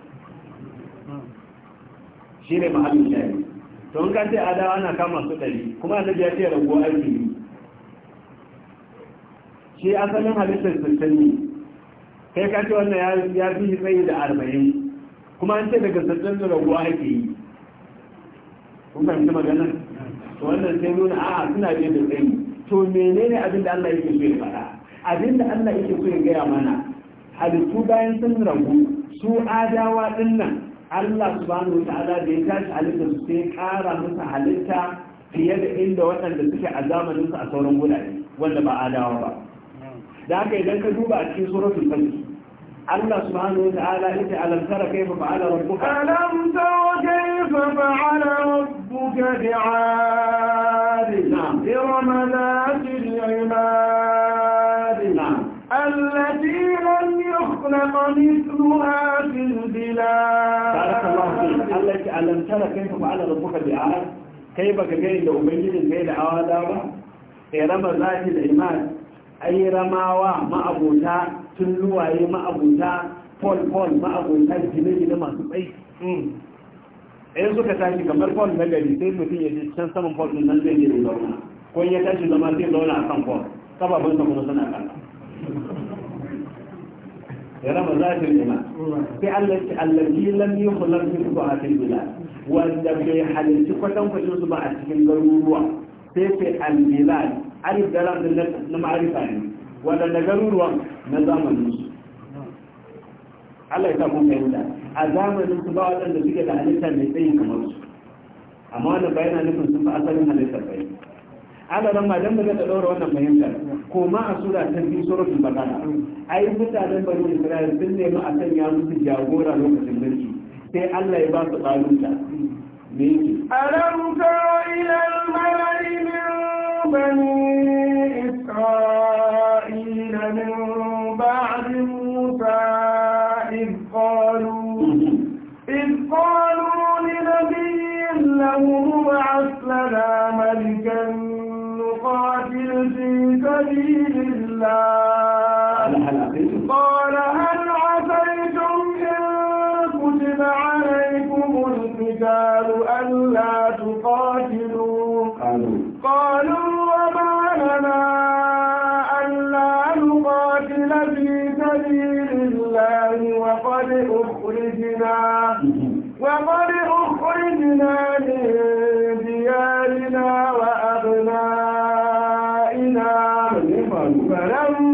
shi ne mahallin shari'a to in ka ce adawa ana kama su ɗari kuma annabi ya ce raguwa arziki shi asalin halittar sassan ne kai ka ce wannan ya fi tsayi da arba'in kuma an ce daga sassan da raguwa ake yi kuma yanzu maganar to wannan sai nuna a suna ne da tsayi to menene abin Allah yake so ya faɗa abin Allah yake so ya gaya mana halittu bayan sun rabu su adawa din Allah subhanahu wa ta'ala da ya tashi halitta su sai ƙara musu halitta fiye da inda waɗanda suke a zamanin a sauran gurare wanda ba adawa ba da haka idan ka duba a cikin suratul fajr الله سبحانه وتعالى إذا ألم ترى كيف فعل ربك ألم تر كيف فعل ربك بعاد نعم إرم ذات العماد نعم التي لم يخلق مثلها في البلاد بارك الله فيك التي ألم تر كيف فعل ربك بعاد كيف كيف لو أبيد البيد عوادابا إرم ذات العماد أي رماوة ما أبوتها tun luwaye ma'abunta paul paul ma'abunta gine-gine masu tsayi hmm. in suka tashi kamar paul na gari sai mutum ya ji can saman paul nan zai je da zauna ko ya tashi zama zai zauna a kan paul kababin sa kuma suna kan ya rama zafin ima sai allah ce allazi lam yi hular su su a cikin bila wanda bai halarci kwatankwacin su ba a cikin garuruwa sai sai al-bilal alif da lam na ma'arifa ne waɗanda garuruwan na zamanin su Allah ya samu fahimta a zamanin su ba waɗanda suke da halitta mai tsayin kamar su amma wannan ba yana nufin sun fi asalin halittar bai Allah ran ma dan ba ta daura wannan fahimta ko ma a sura ta biyu suratul baqara ai mutanen bani Isra'il sun nemi a sanya musu jagora lokacin mulki sai Allah ya ba su balunta me yake alam tara ila al-malai min bani isra'il من بعد موسى إذ قالوا إذ قالوا لنبي له ابعث لنا ملكا نقاتل في سبيل الله قال هل عسيتم إن كتب عليكم القتال ألا تقاتلوا قالوا وما لنا وقد أخرجنا وقد أخرجنا من ديارنا وأبنائنا فلما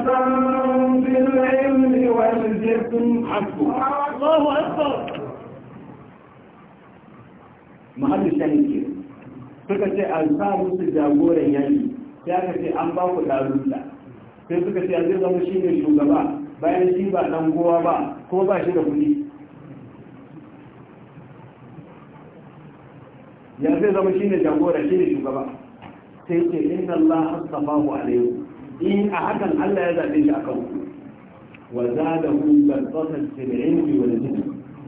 شرفا بالعلم والجسم suka ce an sa musu jagoran yanki ya aka ce an ba ku darussa sai suka ce zai zama shi ne shugaba bayan shi ba dan gowa ba ko ba shi da kudi ya zai zama shi ne jagora shi ne shugaba sai ce inna Allah astafahu alaihi in a hakan Allah ya zaɓe shi akan ku wa zadahu barzatan fil ilmi wani jini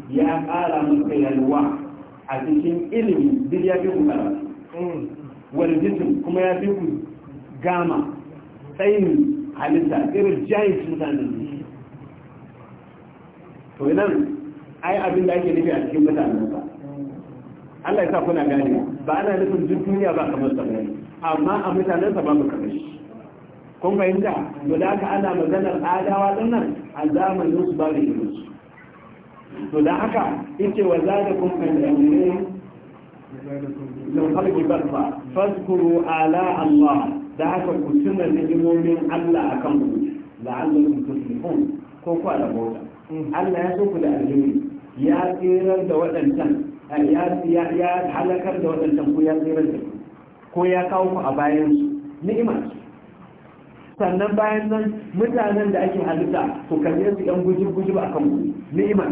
ya ƙara maka yalwa a cikin ilimi duk ya fi ku karatu wal jinn kuma ya fi ku gama tsayin halitta irin giant mutanen to nan ai abin da ake nufi a cikin mutanen ba Allah ya sa kuna gane ba ana nufin duk duniya ba kamar sa bane amma a mutanen sa babu kamar shi kun fahimta da haka ana maganar adawa din nan a zamanin su ba da yi to da haka in ce wa za da kun fahimta ne don farki barba faskuru ala allah da haka ku tuna allah a kan ku da allah ku ku tuhun ko ku a allah ya so da aljini ya tsirar da da waɗancan ko ya tsirar da ku ko ya kawo ku a bayan ni'imar su sannan bayan nan mutanen da ake halitta to kalle su yan gujib gujib kan ku ni'ima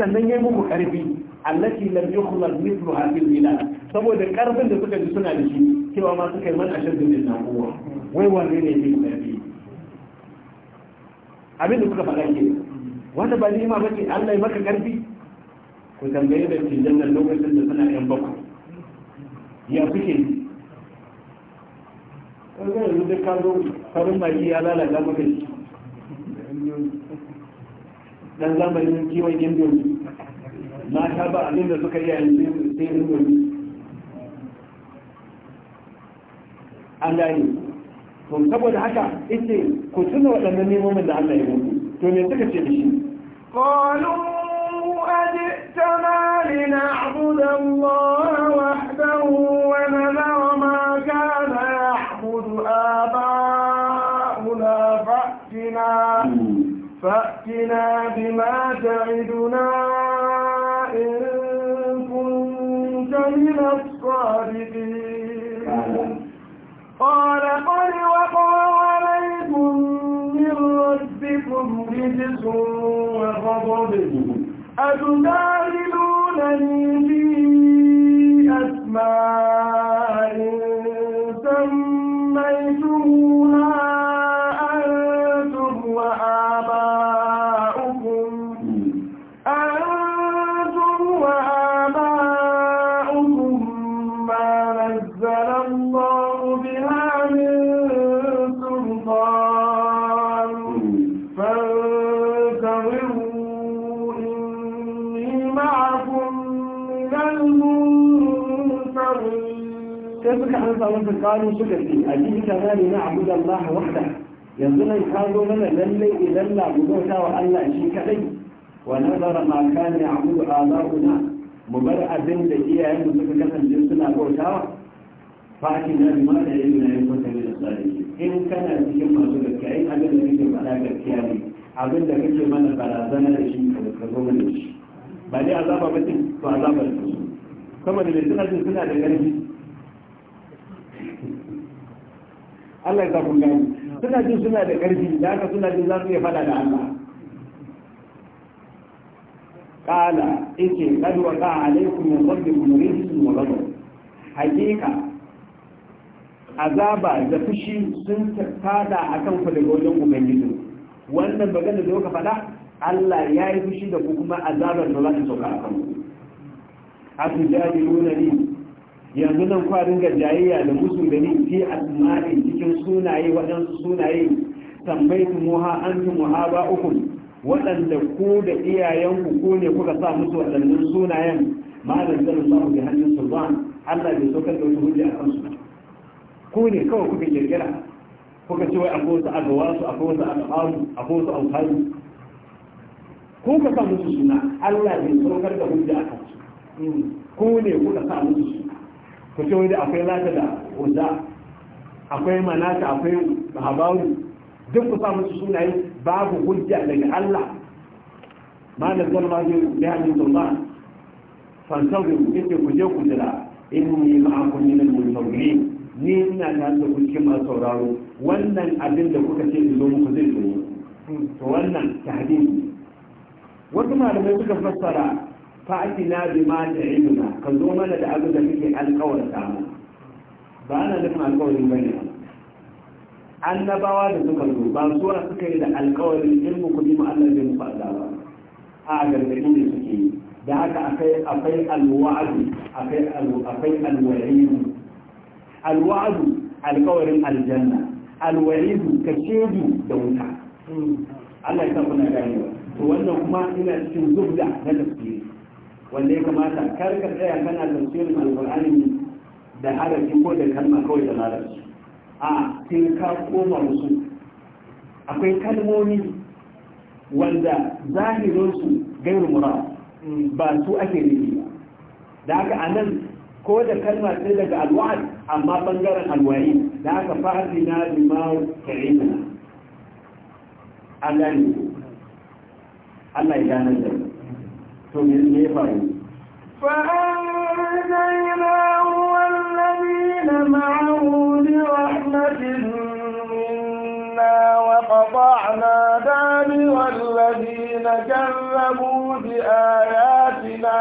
sannan yi muku karfi allati lam yukhlaq mithluha fil bilad saboda karfin da suka ji suna da shi cewa ma suka yi man ashaddu min nakuwa, wai wani ne ne karfi abin da kuka faɗa ke wanda ba ni'ima ce Allah ya maka karfi ku tambaye da cikin nan lokacin da suna yan bakwai ya kuke in zai yanzu duk ka zo farin magi ya lalata maka shi dan zamanin kiwon indomi ta ba abin da suka a yanzu sai indomi an gani to saboda haka ita ku tuna waɗannan nemomin da Allah ya mutu to me suka ce da shi qalu أجئتنا لنعبد الله وحده ونذر فأتنا بما تعدنا إن كنت من الصادقين قال قل وقع عليكم من ربكم رجس وغضب أتجادلونني في أسماء kalu suka ce addini ta zane na abu da Allah wahda yanzu nan ka zo mana lallai idan la gudota wa Allah shi kadai wa nazara ma kana abu azabuna mu bar abin da iyayen suka kasance suna bauta wa fa ki da ma da yin na yin kuma da sadaki in kana cikin masu gaskiya in abin da kake faɗa gaskiya ne abin da kake mana barazana da shi ka zo mana shi ba ne azaba ba ce ba azaba ce kuma da suna da ganin Allah ya kun gani suna jin suna da ƙarfi da haka suna jin za su iya fada da Allah kala yake kad waqa alaikum ya rabbikum rizqun wa ghadab hakika azaba da fushi sun tada kan ku daga wajen ubangiji wannan magana da yau faɗa Allah ya yi fushi da ku kuma azabar da za su sauka kan ku atujadiluna li yanzu nan kwarin ga jayayya da musu da ni fi asma'i cikin sunaye waɗansu sunaye sammaitu muha fi muha ba uku, waɗanda ku da iyayenku ku ne kuka sa musu waɗannan sunayen ma da zanen ku da hannun ba. Allah bai so kan da wata hujja a kansu ku ne kawai kuka kirkira kuka ce wai akwai wasu agawa su akwai wasu agawa akwai wasu amfani? ku ka sa musu suna Allah bai saukar da hujja a kansu ku ne kuka sa musu suna ku ce wai da akwai lata da uza akwai manata akwai habaru duk ku sa musu sunaye babu hujja daga Allah ma da zan ma zai bi hannun sulma fansan ku yake ku je ku jira inni ma'akum min al-mutawwilin ni ina da da ku cikin masu sauraro wannan abin da kuka ce zo muku zai zo to wannan tahdidi wasu malamai suka fassara fa'atina bi ma ta ilmuna ka zo mana da abin da kake alƙawar samu ba na nufin alƙawarin bane annabawa da suka zo ba suwa suka yi da alƙawarin ilmu kudi mu Allah zai muku azaba a gargaɗi ne suke yi da haka akai akai alwa'du akai akai alwa'idu alwa'du alƙawarin aljanna alwa'idu ka shedu da wuta hmm. Allah ya sa kuna ganewa to wannan kuma ina cikin zubda na tafsiri wanda ya kamata kar ka tsaya kana tafsirin alqur'ani da harafi ko da kalma kawai da larabci a sai ka koma musu akwai kalmomi wanda zahirinsu gairu mura ba su ake nufi ba da haka a nan ko da kalma sai daga alwa'ad amma bangaren alwa'i da haka fahimci na limawar ka'ina an gani Allah ya gane da to ne ya faru فأنزيناه والذين معه برحمة منا وقطعنا دابر الذين كذبوا بآياتنا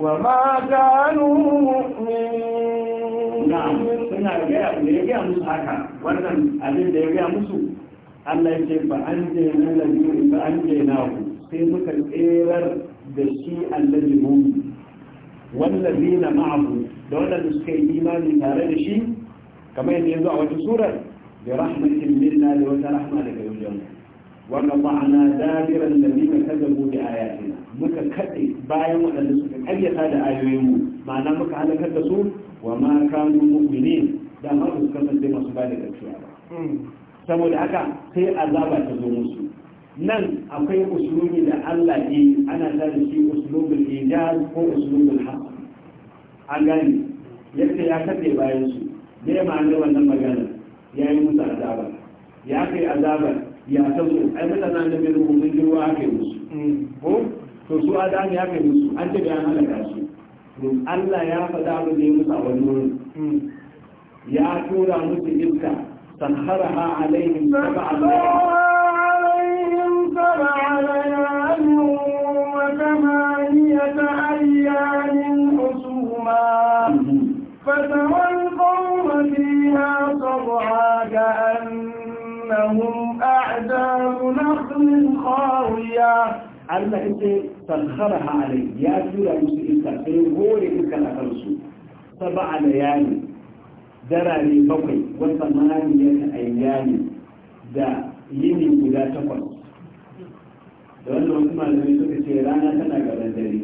وما كانوا مؤمنين نعم suna gaya da ya gaya musu haka wannan abin da ya gaya musu Allah ya ce an je na lalini fa an je na ku sai muka tserar da shi annabi mumin na ma'abu da waɗanda suka yi imani tare da shi kamar yadda yanzu a wata surar bi rahmatin minna da wata rahma daga wajen wa qata'na dabiran alladhina kadzabu da ayatina muka kaɗe bayan waɗanda suka ƙaryata da ayoyinmu ma'ana muka halakar da su wa ma kanu mu'minin da ma su kasance masu ba da gaskiya ba hmm. saboda haka sai azaba ta zo musu nan akwai usulubi da Allah ne ana tare shi shi usulubul ijaz ko usulubul haka A gani, yadda ya kafe bayan su ma an ma'ana wannan magana ya yi musu azaba ya kai azaba ya ta so ai nan da mai rubutun jirwa aka yi musu ko to su adam ya kai musu an ce bayan halaka su to Allah ya faɗa abu da ya musu a wani wurin ya tura musu iska saharaha alaihim sab'a Allah yake sakharaha alai ya tura musu iska sai hore iska a kansu sab'a layali darare bakwai wa samaniyat ayyami da yini guda takwas da wannan wasu malamai suka ce rana tana gaban dare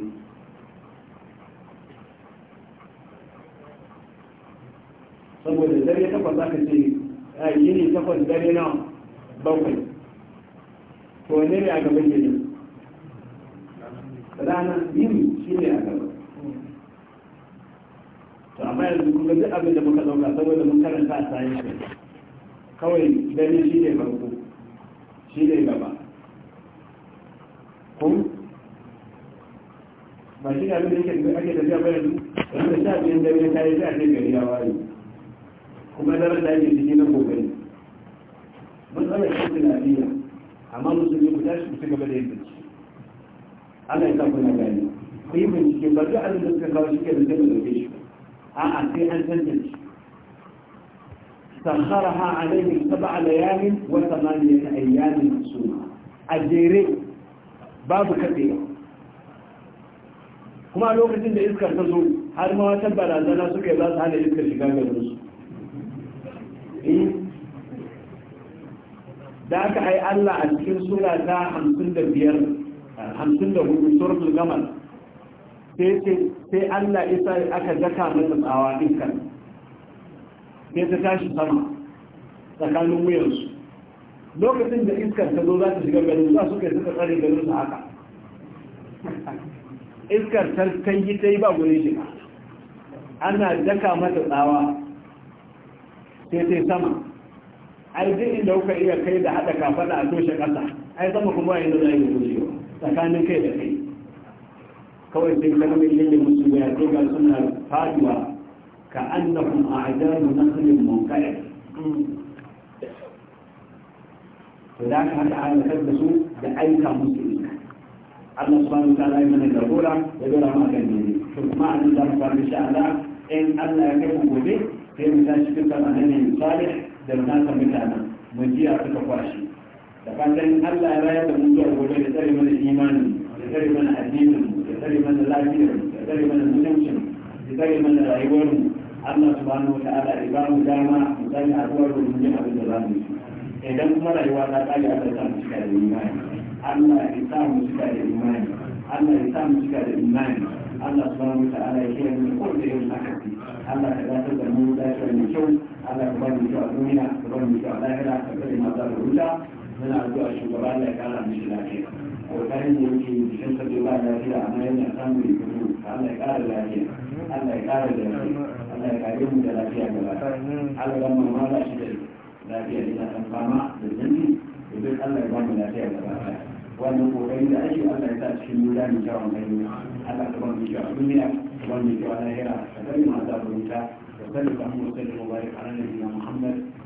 saboda dare takwas aka ce yini takwas dare na bakwai to ne a gaban gidi rana biyu shi ne a gaba to amma yanzu kuma duk abin da muka dauka saboda mun karanta a sayi shi kawai gani shi ne farko shi ne gaba kun ba shi ne abin da yake ake tafiya ba yanzu da sha biyun dare ta yi za a gari ya waye kuma daren da ake jiki na kokari tsaya shi tunaniya amma musulmi ku tashi ku ci gaba da yin bincike Allah ya sa kuna gani ku yi bincike ba duk abin da suka kawo shi ke da sai mu dauke shi a'a sai an shi tantance سخرها عليهم سبع ليال وثمانية أيام مقسومة أجيري باب كثير kuma a lokacin da iskar ta zo har ma wata barazana suka yi za su hana iskar shiga ga su eh? da aka ai Allah a cikin sura ta hamsin da biyar hamsin da hudu suratul gamal sai sai Allah isa aka daka masa tsawa din kan sai ta tashi sama tsakanin wuyansu lokacin da iskar ta zo za ta shiga garin za su kai suka tsare garin su haka iskar ta yi ta yi ba gure shiga ana daka mata tsawa sai sai sama ai duk inda kuka iya kai da haɗa kafaɗa a toshe ƙasa ai sama kuma yanzu za a yi gujewa tsakanin kai da kai kawai sai ka mai yadda musu ya kai ga suna faduwa ka annahum a'dalu nakhlin munqaya to da ka hada halakar da su da aika musu Allah subhanahu wa ta'ala ya mana jagora ya dora mu akan dole to kuma an da mu fara insha Allah in Allah ya kai mu gobe sai mu tashi a kan annabi salih da mu nasa mutane mu a suka kwashi da fatan Allah ya yi da mutuwa gobe da tsari mana imanin da tsari mana addinin da tsari mana lafiyar da tsari mana mutuncin da tsari mana rayuwar Allah subhanahu wataala ala ba mu dama mu sani addu'ar mu mun yi abin da za mu yi idan kuma rayuwa ta tsari a tsarkan mu cika da imani Allah ya sa mu cika da imani Allah ya sa mu cika da imani Allah subhanahu ala ya kira mu ko da yau haka Allah ka dace da mu dace da kyau Allah ka ba mu kyau a duniya ka ba mu kyau a lahira ka kare mu da ruta muna zuwa shugaba da ya kara mishi lafiya kokarin da yake yi cikin sa ba lafiya amma yana samun Allah ya kara lafiya Allah ya kara da lafiya Allah ya kare mu da lafiya gaba Allah ya mu shi da lafiya ina fama da zanni Allah ya ba mu lafiya wannan da ake Allah ya sa cikin mizani kyawun gani Allah ka ban mu kyawun duniya ka ban mu kyawun lahira